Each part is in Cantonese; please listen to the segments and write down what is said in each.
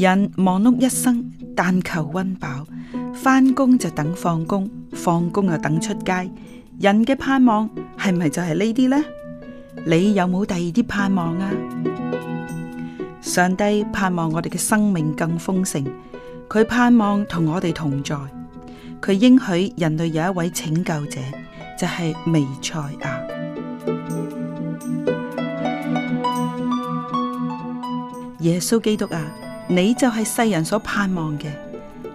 人忙碌一生，但求溫飽，翻工，就等放工，放工又等出街。人嘅盼望係咪就係呢啲呢？你有冇第二啲盼望啊？上帝盼望我哋嘅生命更豐盛，佢盼望同我哋同在，佢應許人類有一位拯救者，就係彌賽亞耶穌基督啊！你就係世人所盼望嘅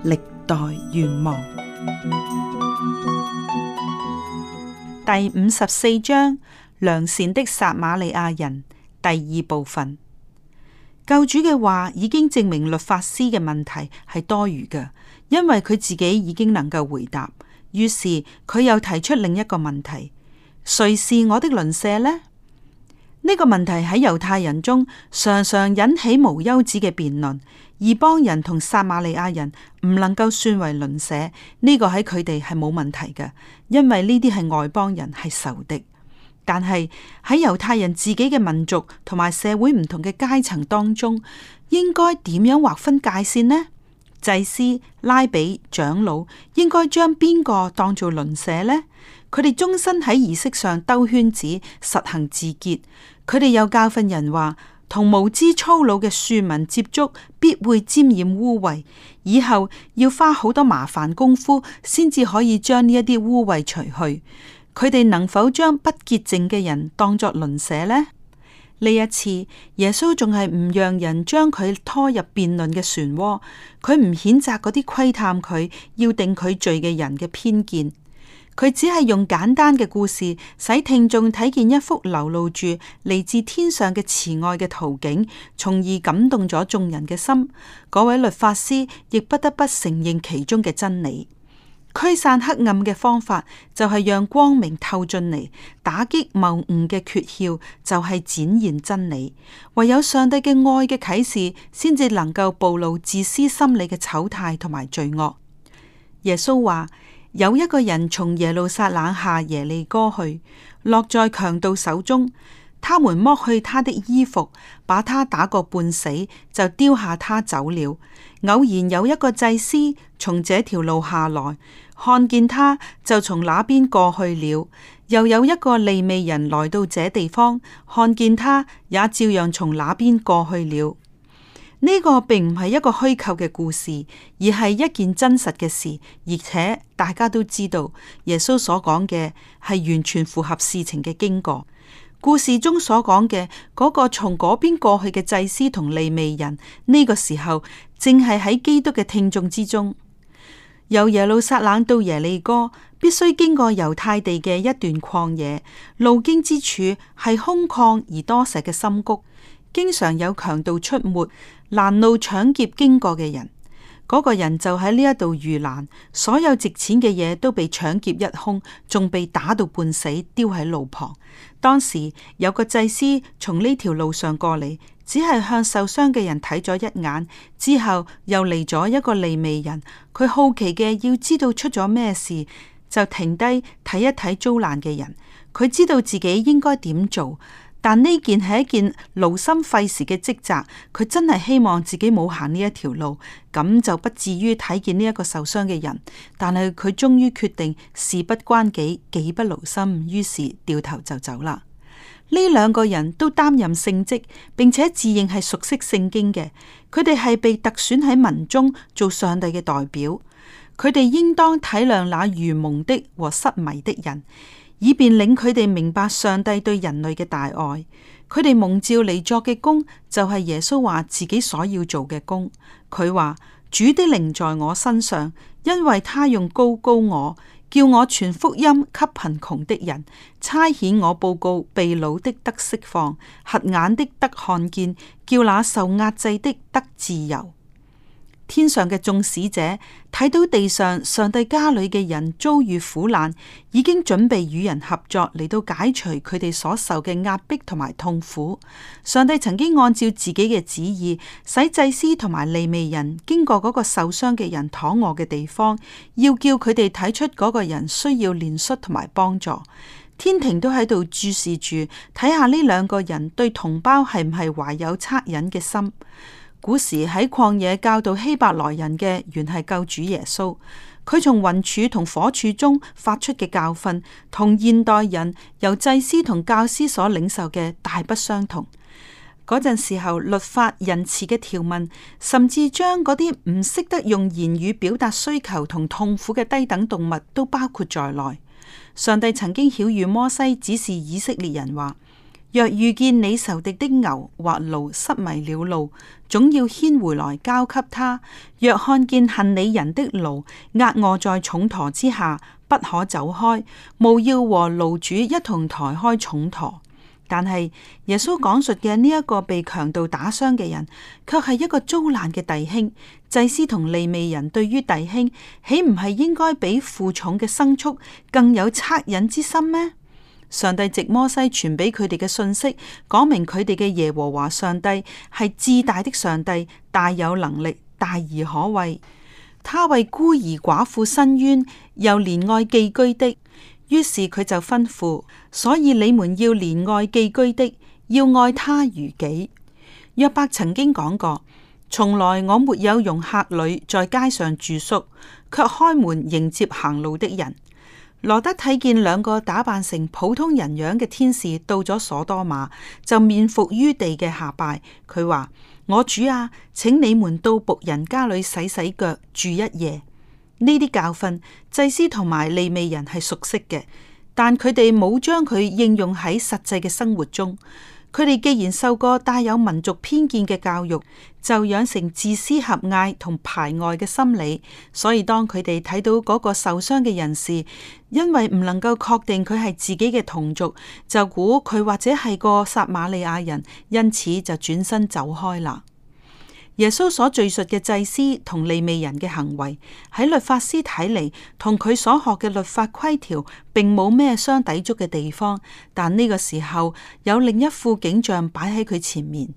歷代願望。第五十四章良善的撒瑪利亞人第二部分，救主嘅話已經證明律法師嘅問題係多餘嘅，因為佢自己已經能夠回答。於是佢又提出另一個問題：誰是我的鄰舍呢？呢個問題喺猶太人中常常引起無休止嘅辯論，異邦人同撒瑪利亞人唔能夠算為鄰舍，呢、這個喺佢哋係冇問題嘅，因為呢啲係外邦人係仇敵。但係喺猶太人自己嘅民族同埋社會唔同嘅階層當中，應該點樣劃分界線呢？祭司、拉比、長老應該將邊個當做鄰舍呢？佢哋終身喺儀式上兜圈子，實行自潔。佢哋又教訓人話：同無知粗魯嘅庶民接觸，必會沾染污穢。以後要花好多麻煩功夫，先至可以將呢一啲污穢除去。佢哋能否將不潔淨嘅人當作鄰舍呢？呢一次，耶穌仲係唔讓人將佢拖入辯論嘅漩渦。佢唔譴責嗰啲窺探佢、要定佢罪嘅人嘅偏見。佢只係用簡單嘅故事，使聽眾睇見一幅流露住嚟自天上嘅慈愛嘅圖景，從而感動咗眾人嘅心。嗰位律法師亦不得不承認其中嘅真理。驅散黑暗嘅方法就係讓光明透進嚟，打擊謬誤嘅訣竅就係展現真理。唯有上帝嘅愛嘅啟示，先至能夠暴露自私心理嘅醜態同埋罪惡。耶穌話。有一個人從耶路撒冷下耶利哥去，落在強盜手中，他們剝去他的衣服，把他打個半死，就丟下他走了。偶然有一個祭司從這條路下來，看見他，就從那邊過去了。又有一個利未人來到這地方，看見他，也照樣從那邊過去了。呢個並唔係一個虛構嘅故事，而係一件真實嘅事，而且大家都知道耶穌所講嘅係完全符合事情嘅經過。故事中所講嘅嗰個從嗰邊過去嘅祭司同利未人，呢、這個時候正係喺基督嘅聽眾之中。由耶路撒冷到耶利哥，必須經過猶太地嘅一段曠野，路經之處係空曠而多石嘅深谷，經常有強盜出沒。攔路搶劫經過嘅人，嗰個人就喺呢一度遇難，所有值錢嘅嘢都被搶劫一空，仲被打到半死，丟喺路旁。當時有個祭司從呢條路上過嚟，只係向受傷嘅人睇咗一眼，之後又嚟咗一個利未人，佢好奇嘅要知道出咗咩事，就停低睇一睇遭難嘅人，佢知道自己應該點做。但呢件係一件勞心費事嘅職責，佢真係希望自己冇行呢一條路，咁就不至於睇見呢一個受傷嘅人。但係佢終於決定事不關己，己不勞心，於是掉頭就走啦。呢兩個人都擔任聖職，並且自認係熟悉聖經嘅，佢哋係被特選喺民中做上帝嘅代表，佢哋應當體諒那愚蒙的和失迷的人。以便令佢哋明白上帝對人類嘅大愛，佢哋蒙召嚟作嘅工就係耶穌話自己所要做嘅工，佢話，主的靈在我身上，因為他用膏膏我，叫我傳福音給貧窮的人，差遣我報告被擄的得釋放，瞎眼的得看見，叫那受壓制的得自由。天上嘅眾使者睇到地上上帝家裏嘅人遭遇苦難，已經準備與人合作嚟到解除佢哋所受嘅壓迫同埋痛苦。上帝曾經按照自己嘅旨意，使祭司同埋利未人經過嗰個受傷嘅人躺臥嘅地方，要叫佢哋睇出嗰個人需要憐恤同埋幫助。天庭都喺度注視住，睇下呢兩個人對同胞係唔係懷有惻隱嘅心。古時喺曠野教導希伯來人嘅，原係救主耶穌。佢從雲柱同火柱中發出嘅教訓，同現代人由祭司同教師所領受嘅大不相同。嗰陣時候，律法仁慈嘅條文，甚至將嗰啲唔識得用言語表達需求同痛苦嘅低等動物都包括在內。上帝曾經曉諭摩西，指示以色列人話。若遇見你仇敵的牛或驢失迷了路，總要牽回來交給他。若看見恨你人的驢壓臥在重馱之下，不可走開，務要和驢主一同抬開重馱。但係耶穌講述嘅呢一個被強盜打傷嘅人，卻係一個遭難嘅弟兄。祭司同利未人對於弟兄，豈唔係應該比負重嘅牲畜更有惻隱之心咩？上帝直摩西傳俾佢哋嘅信息，講明佢哋嘅耶和華上帝係至大的上帝，大有能力，大而可畏。他為孤兒寡婦申冤，又憐愛寄居的。於是佢就吩咐：所以你們要憐愛寄居的，要愛他如己。約伯曾經講過：從來我沒有容客旅在街上住宿，卻開門迎接行路的人。羅得睇見兩個打扮成普通人樣嘅天使到咗所多瑪，就面伏於地嘅下拜。佢話：我主啊，請你們到僕人家裏洗洗腳，住一夜。呢啲教訓祭司同埋利未人係熟悉嘅，但佢哋冇將佢應用喺實際嘅生活中。佢哋既然受過帶有民族偏見嘅教育，就養成自私狹隘、同排外嘅心理，所以當佢哋睇到嗰個受傷嘅人士，因為唔能夠確定佢係自己嘅同族，就估佢或者係個撒瑪利亞人，因此就轉身走開啦。耶穌所敘述嘅祭司同利未人嘅行為，喺律法師睇嚟，同佢所學嘅律法規條並冇咩相抵觸嘅地方。但呢個時候，有另一副景象擺喺佢前面，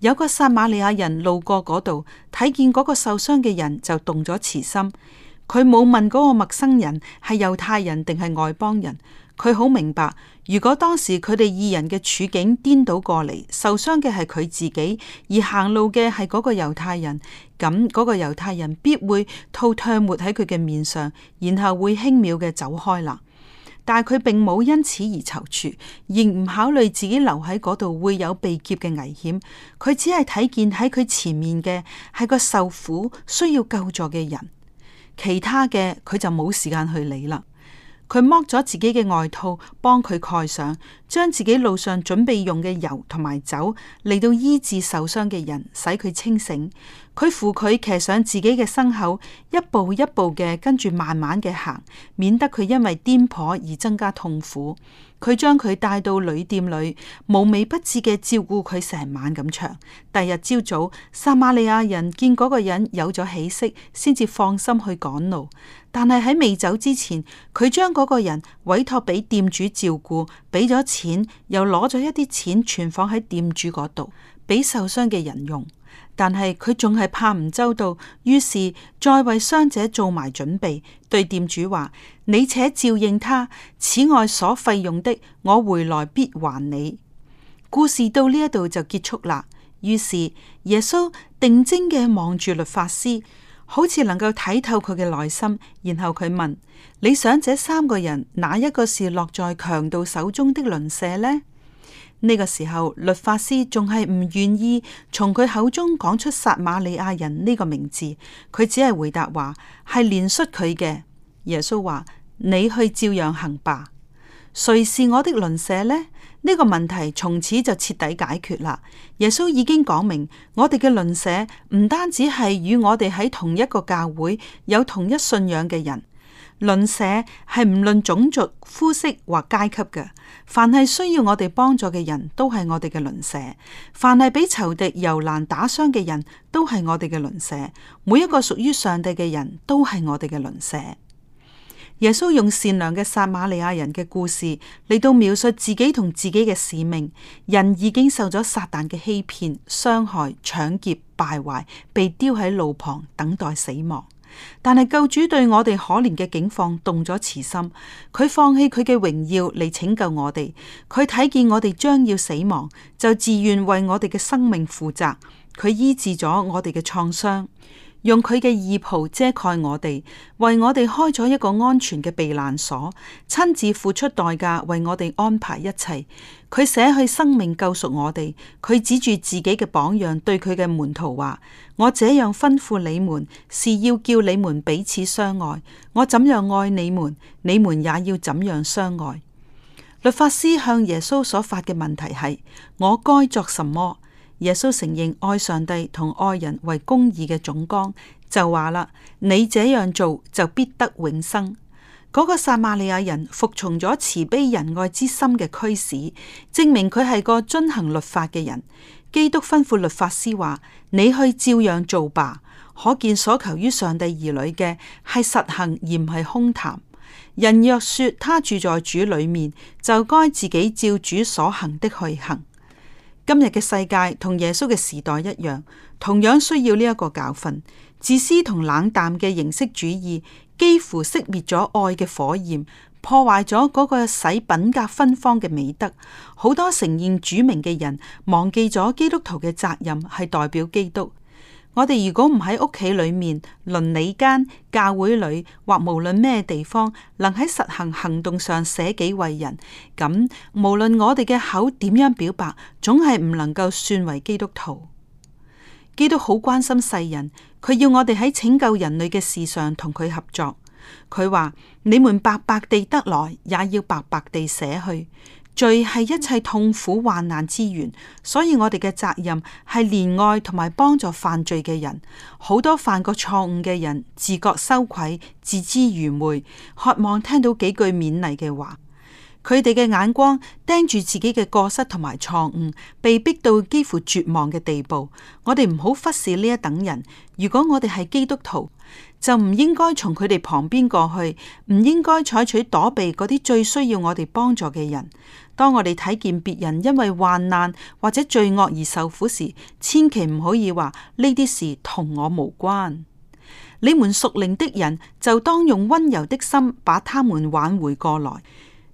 有個撒瑪利亞人路過嗰度，睇見嗰個受傷嘅人就動咗慈心。佢冇問嗰個陌生人係猶太人定係外邦人，佢好明白。如果當時佢哋二人嘅處境顛倒過嚟，受傷嘅係佢自己，而行路嘅係嗰個猶太人，咁嗰個猶太人必會吐唾沫喺佢嘅面上，然後會輕妙嘅走開啦。但係佢並冇因此而躊躇，仍唔考慮自己留喺嗰度會有被劫嘅危險。佢只係睇見喺佢前面嘅係個受苦需要救助嘅人，其他嘅佢就冇時間去理啦。佢剝咗自己嘅外套，幫佢蓋上，將自己路上準備用嘅油同埋酒嚟到醫治受傷嘅人，使佢清醒。佢扶佢騎上自己嘅牲口，一步一步嘅跟住慢慢嘅行，免得佢因為顛簸而增加痛苦。佢將佢帶到旅店裏，無微不至嘅照顧佢成晚咁長。第二日朝早，撒瑪利亞人見嗰個人有咗起色，先至放心去趕路。但係喺未走之前，佢將嗰個人委託俾店主照顧，俾咗錢，又攞咗一啲錢存放喺店主嗰度，俾受傷嘅人用。但係佢仲係怕唔周到，於是再為傷者做埋準備，對店主話：你且照應他，此外所費用的，我回來必還你。故事到呢一度就結束啦。於是耶穌定睛嘅望住律法師，好似能夠睇透佢嘅內心，然後佢問：你想這三個人，哪一個是落在強盜手中的鄰舍呢？呢個時候，律法師仲係唔願意從佢口中講出撒瑪利亞人呢個名字，佢只係回答話係憐恤佢嘅。耶穌話：你去照樣行吧。誰是我的鄰舍呢？呢、這個問題從此就徹底解決啦。耶穌已經講明，我哋嘅鄰舍唔單止係與我哋喺同一個教會、有同一信仰嘅人。鄰舍係唔論種族、膚色或階級嘅，凡係需要我哋幫助嘅人都係我哋嘅鄰舍；凡係俾仇敵由難打傷嘅人都係我哋嘅鄰舍；每一個屬於上帝嘅人都係我哋嘅鄰舍。耶穌用善良嘅撒瑪利亞人嘅故事嚟到描述自己同自己嘅使命。人已經受咗撒旦嘅欺騙、傷害、搶劫、敗壞，被丟喺路旁等待死亡。但係救主對我哋可憐嘅境況動咗慈心，佢放棄佢嘅榮耀嚟拯救我哋，佢睇見我哋將要死亡，就自願為我哋嘅生命負責，佢醫治咗我哋嘅創傷。用佢嘅義袍遮蓋我哋，為我哋開咗一個安全嘅避難所，親自付出代價為我哋安排一切。佢捨去生命救贖我哋，佢指住自己嘅榜樣對佢嘅門徒話：我這樣吩咐你們，是要叫你們彼此相愛。我怎樣愛你們，你們也要怎樣相愛。律法師向耶穌所發嘅問題係：我該做什麼？耶穌承認愛上帝同愛人為公義嘅總綱，就話啦：你這樣做就必得永生。嗰個撒瑪利亞人服從咗慈悲仁愛之心嘅驅使，證明佢係個遵行律法嘅人。基督吩咐律法師話：你去照樣做吧。可見所求於上帝兒女嘅係實行而唔係空談。人若說他住在主裏面，就該自己照主所行的去行。今日嘅世界同耶穌嘅時代一樣，同樣需要呢一個教訓。自私同冷淡嘅形式主義，幾乎熄滅咗愛嘅火焰，破壞咗嗰個使品格芬芳嘅美德。好多承認主名嘅人，忘記咗基督徒嘅責任係代表基督。我哋如果唔喺屋企裏面、鄰里間、教會裏，或無論咩地方，能喺實行行動上捨己為人，咁無論我哋嘅口點樣表白，總係唔能夠算為基督徒。基督好關心世人，佢要我哋喺拯救人類嘅事上同佢合作。佢話：你們白白地得來，也要白白地捨去。罪係一切痛苦患難之源，所以我哋嘅責任係憐愛同埋幫助犯罪嘅人。好多犯過錯誤嘅人自覺羞愧、自知愚昧，渴望聽到幾句勉勵嘅話。佢哋嘅眼光盯住自己嘅過失同埋錯誤，被逼到幾乎絕望嘅地步。我哋唔好忽視呢一等人。如果我哋係基督徒，就唔應該從佢哋旁邊過去，唔應該採取躲避嗰啲最需要我哋幫助嘅人。當我哋睇見別人因為患難或者罪惡而受苦時，千祈唔可以話，呢啲事同我無關。你們屬靈的人，就當用溫柔的心把他們挽回過來。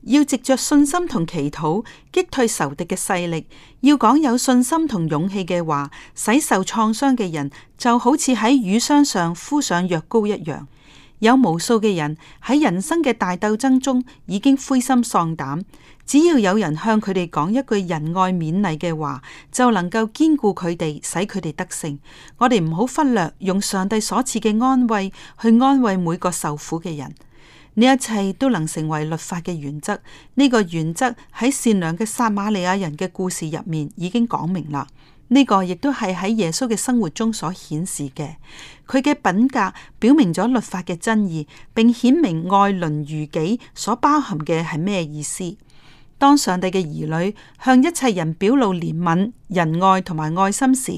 要藉着信心同祈禱擊退仇敵嘅勢力，要講有信心同勇氣嘅話，使受創傷嘅人就好似喺瘀傷上敷上藥膏一樣。有無數嘅人喺人生嘅大鬥爭中已經灰心喪膽，只要有人向佢哋講一句仁愛勉勵嘅話，就能夠堅固佢哋，使佢哋得勝。我哋唔好忽略用上帝所賜嘅安慰去安慰每個受苦嘅人。呢一切都能成為律法嘅原則，呢、這個原則喺善良嘅撒瑪利亞人嘅故事入面已經講明啦。呢、這個亦都係喺耶穌嘅生活中所顯示嘅，佢嘅品格表明咗律法嘅真義，並顯明愛鄰如己所包含嘅係咩意思。當上帝嘅兒女向一切人表露憐憫、仁愛同埋愛心時，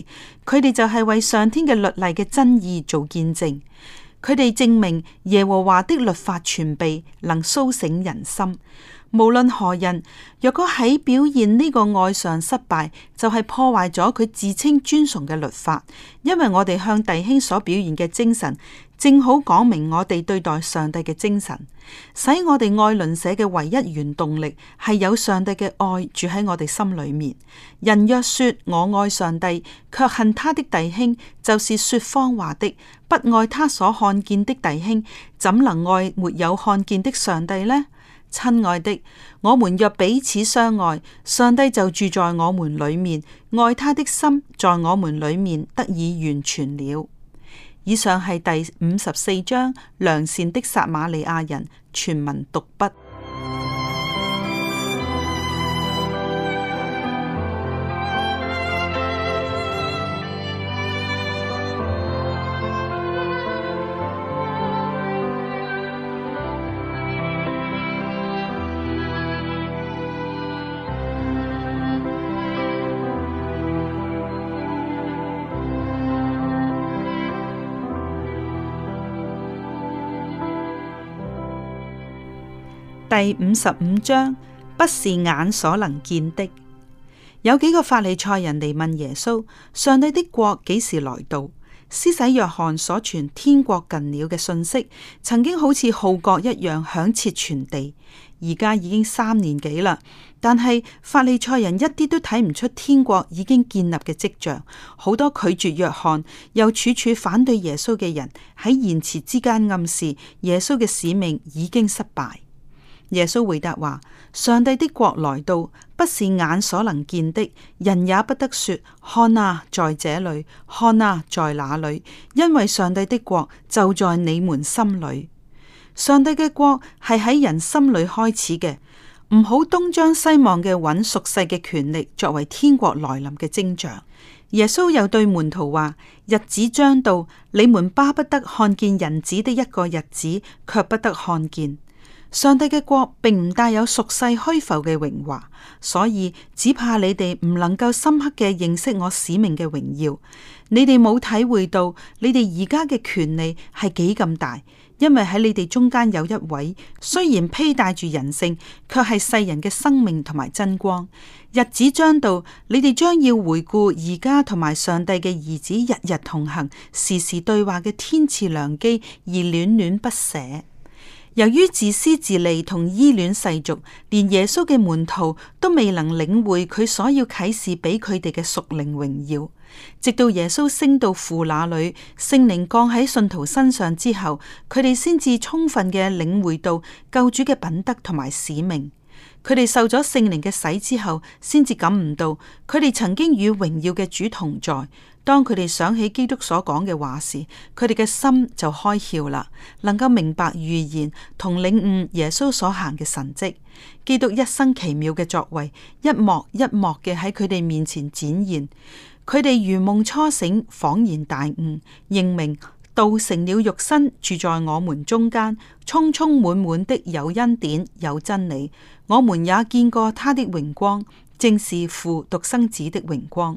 佢哋就係為上天嘅律例嘅真義做見證。佢哋證明耶和華的律法傳備，能甦醒人心。無論何人，若果喺表現呢個愛上失敗，就係、是、破壞咗佢自稱尊崇嘅律法，因為我哋向弟兄所表現嘅精神，正好講明我哋對待上帝嘅精神，使我哋愛鄰舍嘅唯一原動力係有上帝嘅愛住喺我哋心裏面。人若說我愛上帝，卻恨他的弟兄，就是說謊話的，不愛他所看見的弟兄，怎能愛沒有看見的上帝呢？親愛的，我們若彼此相愛，上帝就住在我們裏面，愛他的心在我們裏面得以完全了。以上係第五十四章良善的撒瑪利亞人全文讀畢。第五十五章，不是眼所能見的。有幾個法利賽人嚟問耶穌：上帝的國幾時來到？施洗約翰所傳天國近了嘅信息，曾經好似號角一樣響徹全地，而家已經三年幾啦。但係法利賽人一啲都睇唔出天國已經建立嘅跡象，好多拒絕約翰又處處反對耶穌嘅人喺言辭之間暗示耶穌嘅使命已經失敗。耶穌回答話：上帝的國來到，不是眼所能見的，人也不得說看啊，在這裏；看啊，在那裏？因為上帝的國就在你們心裏。上帝嘅國係喺人心裏開始嘅，唔好東張西望嘅搵屬世嘅權力作為天國來臨嘅徵象。耶穌又對門徒話：日子將到，你們巴不得看見人子的一個日子，却不得看見。上帝嘅國並唔帶有屬世虛浮嘅榮華，所以只怕你哋唔能夠深刻嘅認識我使命嘅榮耀。你哋冇體會到你哋而家嘅權利係幾咁大，因為喺你哋中間有一位，雖然披戴住人性，卻係世人嘅生命同埋真光。日子將到，你哋將要回顧而家同埋上帝嘅兒子日日同行、時時對話嘅天賜良機，而戀戀不捨。由於自私自利同依戀世俗，連耶穌嘅門徒都未能領會佢所要啟示俾佢哋嘅屬靈榮耀。直到耶穌升到父那裏，聖靈降喺信徒身上之後，佢哋先至充分嘅領會到救主嘅品德同埋使命。佢哋受咗聖靈嘅洗之後，先至感悟到佢哋曾經與榮耀嘅主同在。當佢哋想起基督所講嘅話時，佢哋嘅心就開竅啦，能夠明白預言同領悟耶穌所行嘅神迹。基督一生奇妙嘅作為，一幕一幕嘅喺佢哋面前展現。佢哋如夢初醒，恍然大悟，認明道成了肉身，住在我們中間，充充滿滿的有恩典有真理。我們也見過他的榮光，正是父獨生子的榮光。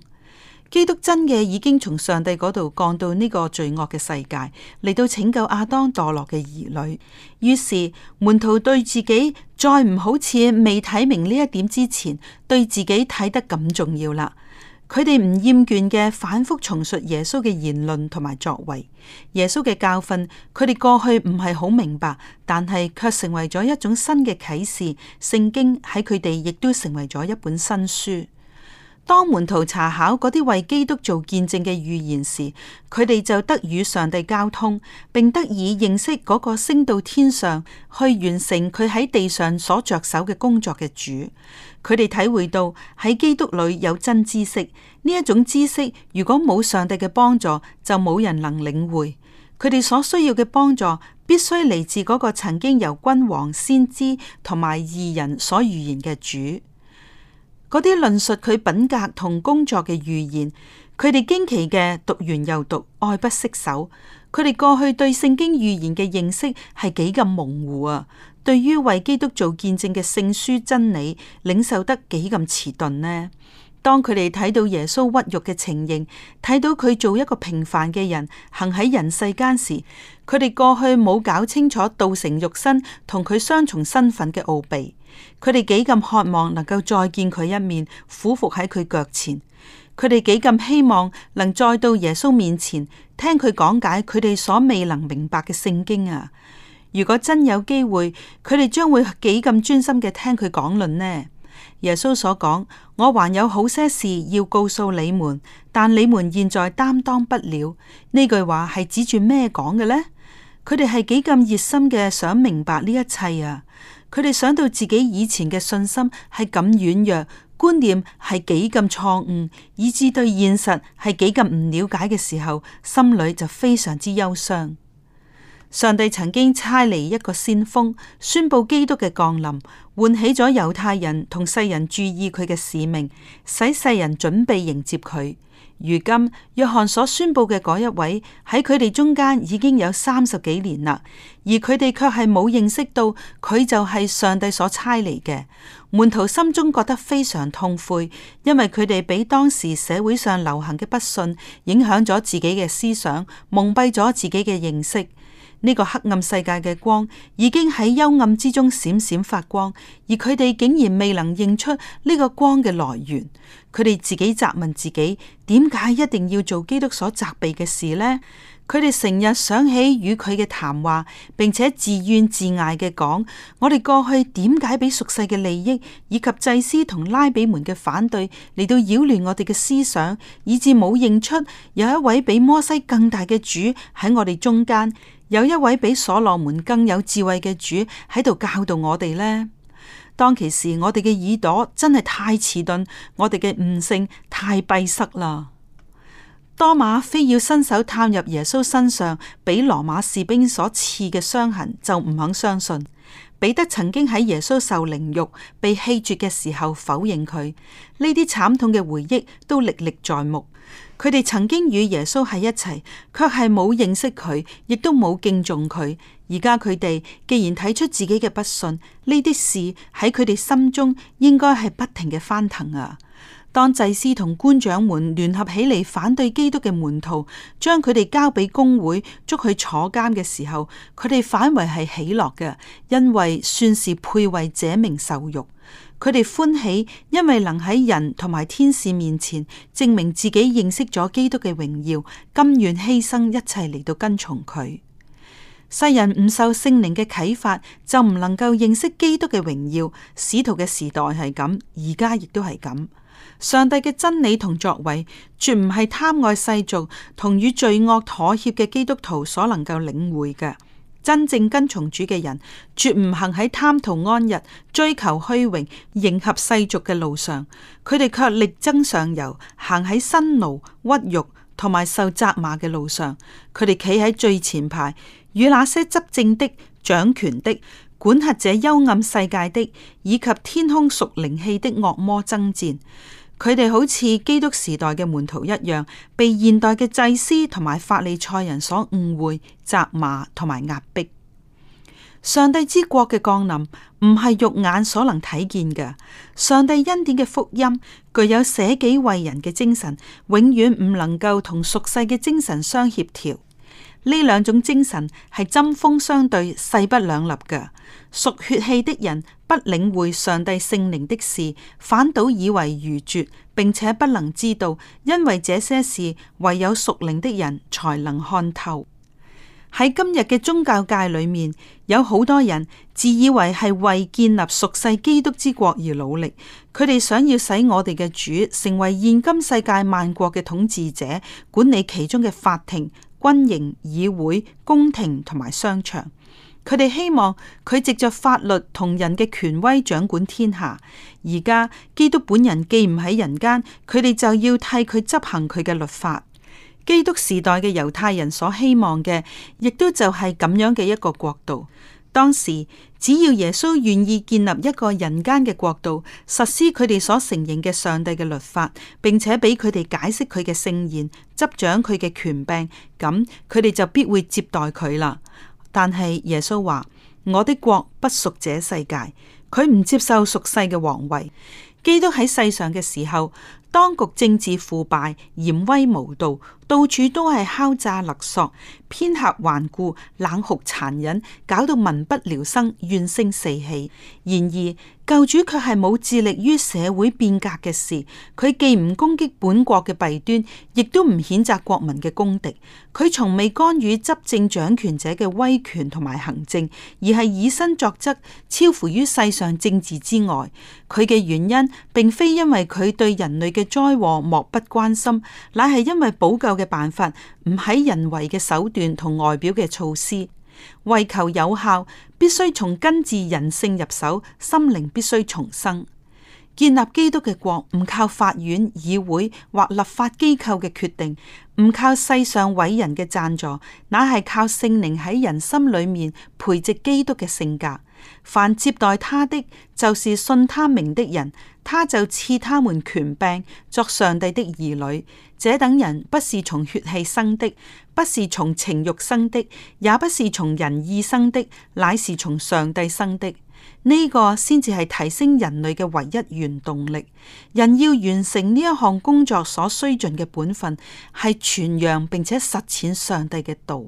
基督真嘅已經從上帝嗰度降到呢個罪惡嘅世界嚟到拯救亞當墮落嘅兒女。於是門徒對自己再唔好似未睇明呢一點之前，對自己睇得咁重要啦。佢哋唔厭倦嘅反復重述耶穌嘅言論同埋作為，耶穌嘅教訓，佢哋過去唔係好明白，但係卻成為咗一種新嘅啟示。聖經喺佢哋亦都成為咗一本新書。當門徒查考嗰啲為基督做見證嘅預言時，佢哋就得與上帝交通，並得以認識嗰個升到天上，去完成佢喺地上所着手嘅工作嘅主。佢哋體會到喺基督裏有真知識，呢一種知識如果冇上帝嘅幫助，就冇人能領會。佢哋所需要嘅幫助，必須嚟自嗰個曾經由君王、先知同埋義人所預言嘅主。嗰啲論述佢品格同工作嘅預言，佢哋驚奇嘅讀完又讀，愛不釋手。佢哋過去對聖經預言嘅認識係幾咁模糊啊？對於為基督做見證嘅聖書真理，領受得幾咁遲鈍呢？當佢哋睇到耶穌屈辱嘅情形，睇到佢做一個平凡嘅人，行喺人世間時，佢哋過去冇搞清楚道成肉身同佢雙重身份嘅奧秘。佢哋幾咁渴望能夠再見佢一面，俯伏喺佢腳前；佢哋幾咁希望能再到耶穌面前聽佢講解佢哋所未能明白嘅聖經啊！如果真有機會，佢哋將會幾咁專心嘅聽佢講論呢？耶穌所講，我還有好些事要告訴你們，但你們現在擔當不了。呢句話係指住咩講嘅呢？佢哋係幾咁熱心嘅想明白呢一切啊！佢哋想到自己以前嘅信心係咁軟弱，觀念係幾咁錯誤，以致對現實係幾咁唔了解嘅時候，心裏就非常之憂傷。上帝曾經差嚟一個先鋒，宣布基督嘅降臨，喚起咗猶太人同世人注意佢嘅使命，使世人準備迎接佢。如今，約翰所宣布嘅嗰一位喺佢哋中間已經有三十幾年啦，而佢哋卻係冇認識到佢就係上帝所差嚟嘅門徒，心中覺得非常痛悔，因為佢哋俾當時社會上流行嘅不信影響咗自己嘅思想，蒙蔽咗自己嘅認識。呢個黑暗世界嘅光已經喺幽暗之中閃閃發光，而佢哋竟然未能認出呢個光嘅來源。佢哋自己責問自己：點解一定要做基督所責備嘅事呢？佢哋成日想起與佢嘅談話，並且自怨自艾嘅講：我哋過去點解俾俗世嘅利益以及祭司同拉比們嘅反對嚟到擾亂我哋嘅思想，以至冇認出有一位比摩西更大嘅主喺我哋中間，有一位比所羅門更有智慧嘅主喺度教導我哋呢？當其時，我哋嘅耳朵真係太遲鈍，我哋嘅悟性太閉塞啦。多馬非要伸手探入耶穌身上俾羅馬士兵所刺嘅傷痕，就唔肯相信。彼得曾經喺耶穌受凌辱、被棄絕嘅時候否認佢，呢啲慘痛嘅回憶都歷歷在目。佢哋曾經與耶穌喺一齊，卻係冇認識佢，亦都冇敬重佢。而家佢哋既然睇出自己嘅不信，呢啲事喺佢哋心中應該係不停嘅翻騰啊！當祭司同官長們聯合起嚟反對基督嘅門徒，將佢哋交俾公會捉去坐監嘅時候，佢哋反為係喜樂嘅，因為算是配為這名受辱。佢哋歡喜，因為能喺人同埋天使面前證明自己認識咗基督嘅榮耀，甘願犧牲一切嚟到跟從佢。世人唔受聖靈嘅啟發，就唔能夠認識基督嘅榮耀。使徒嘅時代係咁，而家亦都係咁。上帝嘅真理同作為，絕唔係貪愛世俗同與罪惡妥協嘅基督徒所能夠領會嘅。真正跟從主嘅人，絕唔行喺貪圖安逸、追求虛榮、迎合世俗嘅路上。佢哋卻力爭上游，行喺辛勞、屈辱同埋受責罵嘅路上。佢哋企喺最前排，與那些執政的、掌權的、管轄這幽暗世界的，以及天空屬靈氣的惡魔爭戰。佢哋好似基督時代嘅門徒一樣，被現代嘅祭司同埋法利賽人所誤會、責罵同埋壓迫。上帝之國嘅降臨唔係肉眼所能睇見嘅。上帝恩典嘅福音具有捨己為人嘅精神，永遠唔能夠同俗世嘅精神相協調。呢兩種精神係針鋒相對、勢不兩立嘅。屬血氣的人不領會上帝聖靈的事，反倒以為愚拙，並且不能知道，因為這些事唯有屬靈的人才能看透。喺今日嘅宗教界裏面，有好多人自以為係為建立屬世基督之國而努力，佢哋想要使我哋嘅主成為現今世界萬國嘅統治者，管理其中嘅法庭、軍營、議會、宮廷同埋商場，佢哋希望佢藉着法律同人嘅權威掌管天下。而家基督本人既唔喺人間，佢哋就要替佢執行佢嘅律法。基督時代嘅猶太人所希望嘅，亦都就係咁樣嘅一個國度。當時只要耶穌願意建立一個人間嘅國度，實施佢哋所承認嘅上帝嘅律法，並且俾佢哋解釋佢嘅聖言，執掌佢嘅權柄，咁佢哋就必會接待佢啦。但係耶穌話：「我的國不屬這世界，佢唔接受屬世嘅王位。基督喺世上嘅時候，當局政治腐敗，嚴威無道。到處都係敲詐勒索、偏狹頑固、冷酷殘忍，搞到民不聊生、怨聲四起。然而，救主卻係冇致力於社會變革嘅事，佢既唔攻擊本國嘅弊端，亦都唔譴責國民嘅公敵，佢從未干預執政掌權者嘅威權同埋行政，而係以身作則，超乎於世上政治之外。佢嘅原因，並非因為佢對人類嘅災禍漠不關心，乃係因為補救。嘅辦法唔係人為嘅手段同外表嘅措施，為求有效，必須從根治人性入手，心靈必須重生，建立基督嘅國，唔靠法院、議會或立法機構嘅決定，唔靠世上偉人嘅贊助，乃係靠聖靈喺人心裏面培植基督嘅性格。凡接待他的，就是信他名的人，他就賜他們權柄，作上帝的兒女。這等人不是從血氣生的，不是從情慾生的，也不是從人意生的，乃是從上帝生的。呢、這個先至係提升人類嘅唯一原動力。人要完成呢一項工作所需盡嘅本分，係傳揚並且實踐上帝嘅道。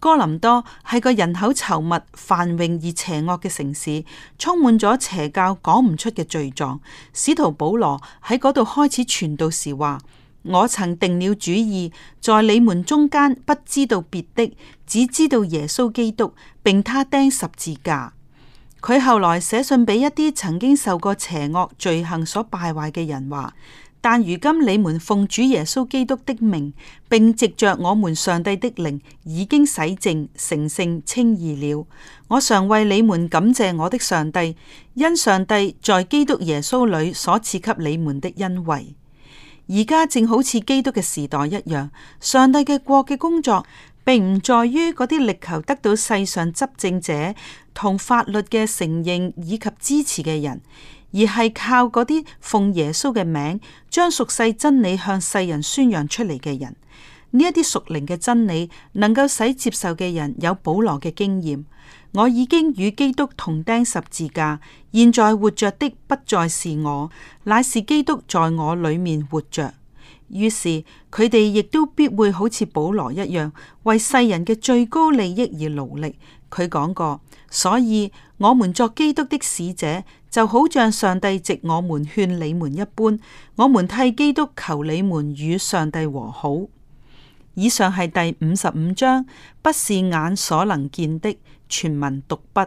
哥林多係個人口稠密、繁榮而邪惡嘅城市，充滿咗邪教講唔出嘅罪狀。使徒保羅喺嗰度開始傳道時話：我曾定了主意，在你們中間不知道別的，只知道耶穌基督，並他釘十字架。佢後來寫信俾一啲曾經受過邪惡罪行所敗壞嘅人話：但如今你們奉主耶穌基督的名，並藉着我們上帝的靈，已經洗淨、成聖、稱義了。我常為你們感謝我的上帝，因上帝在基督耶穌裏所賜給你們的恩惠。而家正好似基督嘅時代一樣，上帝嘅國嘅工作，並唔在於嗰啲力求得到世上執政者同法律嘅承認以及支持嘅人。而係靠嗰啲奉耶穌嘅名，將屬世真理向世人宣揚出嚟嘅人，呢一啲屬靈嘅真理，能夠使接受嘅人有保羅嘅經驗。我已經與基督同釘十字架，現在活着的不再是我，乃是基督在我裏面活着。於是佢哋亦都必會好似保羅一樣，為世人嘅最高利益而努力。佢講過，所以我們作基督的使者，就好像上帝藉我們勸你們一般，我們替基督求你們與上帝和好。以上係第五十五章，不是眼所能見的，全文讀畢。